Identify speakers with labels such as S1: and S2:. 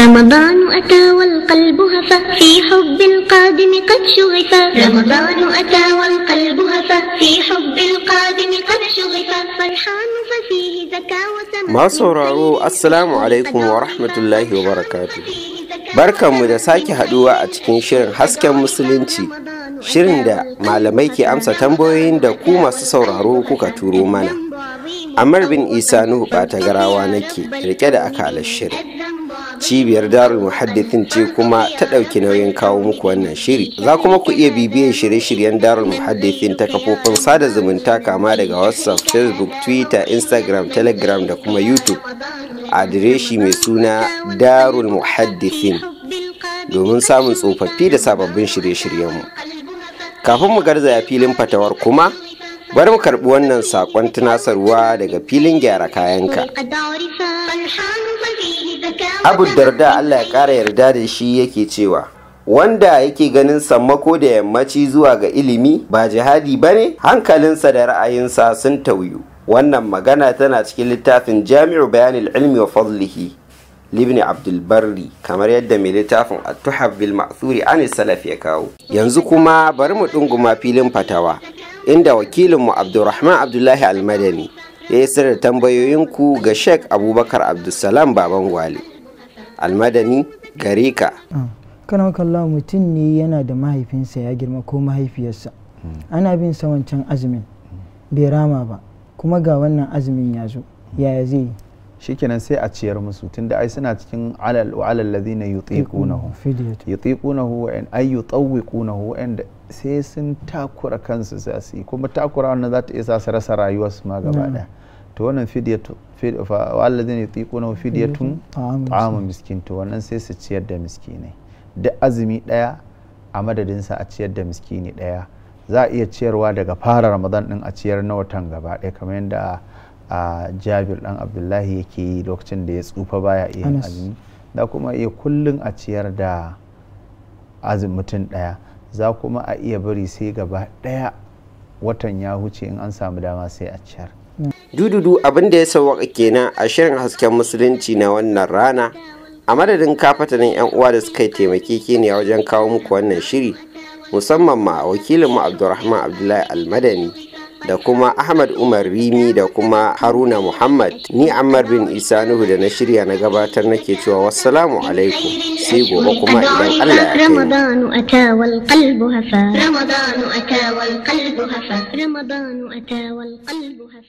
S1: رمضان أتى والقلب هفى في حب القادم قد شغفا رمضان أتى والقلب هفى في حب القادم قد شغفا فرحان ففيه زكا وسمع ما سورارو السلام عليكم ورحمة الله وبركاته mu da sake haduwa a cikin shirin hasken musulunci shirin da malamai ke amsa tambayoyin da ku masu sauraro kuka turo mana. Amar bin Isa Nuhu ba ta garawa nake rike da akalar shirin. cibiyar darul muhaddithin ce kuma ta ɗauki nauyin kawo muku wannan shiri za kuma ku iya bibiyar shirye-shiryen darul muhaddithin ta kafofin sada zumunta kama daga whatsapp facebook twitter instagram telegram da kuma youtube adireshi mai suna darul muhaddithin domin samun tsofaffi da sababbin shirye-shiryenmu kafin mu garza ya filin fatawar kuma bari mu karɓi wannan saƙon tunasarwa daga filin gyara kayanka abu darda allah ya kara yarda da shi yake cewa wanda yake ganin sammako da yammaci zuwa ga ilimi ba jihadi ba ne hankalinsa da ra'ayinsa sun tauyu wannan magana tana cikin littafin jami'u Bayanin ilmi wa fadlihi libni abdulbarri kamar yadda mai littafin at-tuhaf bil ma'thuri an salaf ya kawo yanzu kuma bari mu dunguma filin fatawa inda wakilinmu abdulrahman abdullahi almadani ya yi da ku ga sheikh abubakar abdulsalam baban gwale almadani gare ka ah, kana kalla mutum ne yana da mahaifinsa ya girma ko mahaifiyarsa hmm. ana bin sa wancan azumin bai rama ba kuma ga wannan azumin ya zo yaya zai yi
S2: shikenan sai a ciyar musu tunda ai suna cikin alal wa alal ladina yutiqunahu yutiqunahu wa ay yutawwiqunahu and sai sun takura kansu za su yi kuma takura wannan za ta isa su rasa su ma gaba daya mm. to wannan fidyatu wa alladhina yutiqunahu fidyatun ta'amu miskin to wannan sai su ciyar da miskinai duk azumi daya a madadinsa a ciyar da miskini daya za a iya ciyarwa daga fara ramadan din a ciyar na watan gaba daya kamar yadda a jabir dan abdullahi yake yi lokacin da ya tsufa baya iya azumi da kuma iya kullum a ciyar da azumin mutum daya za kuma a iya bari sai gaba daya watan ya huce in an samu dama sai a ciyar
S1: dududu abin da ya sauwaka kenan a shirin hasken musulunci na wannan rana a madadin kafatanin yan uwa da suka taimake a wajen kawo muku wannan shiri musamman ma wakilinmu abdulrahman abdullahi almadani da kuma Ahmad Umar Rimi da kuma Haruna Muhammad ni Ammar bin Isa Nuhu da na shirya na gabatar nake cewa wassalamu alaikum sai gobe kuma idan Allah ya kai Ramadan ata wal qalbu hafa Ramadanu ata wal qalbu hafa Ramadanu ata wal qalbu hafa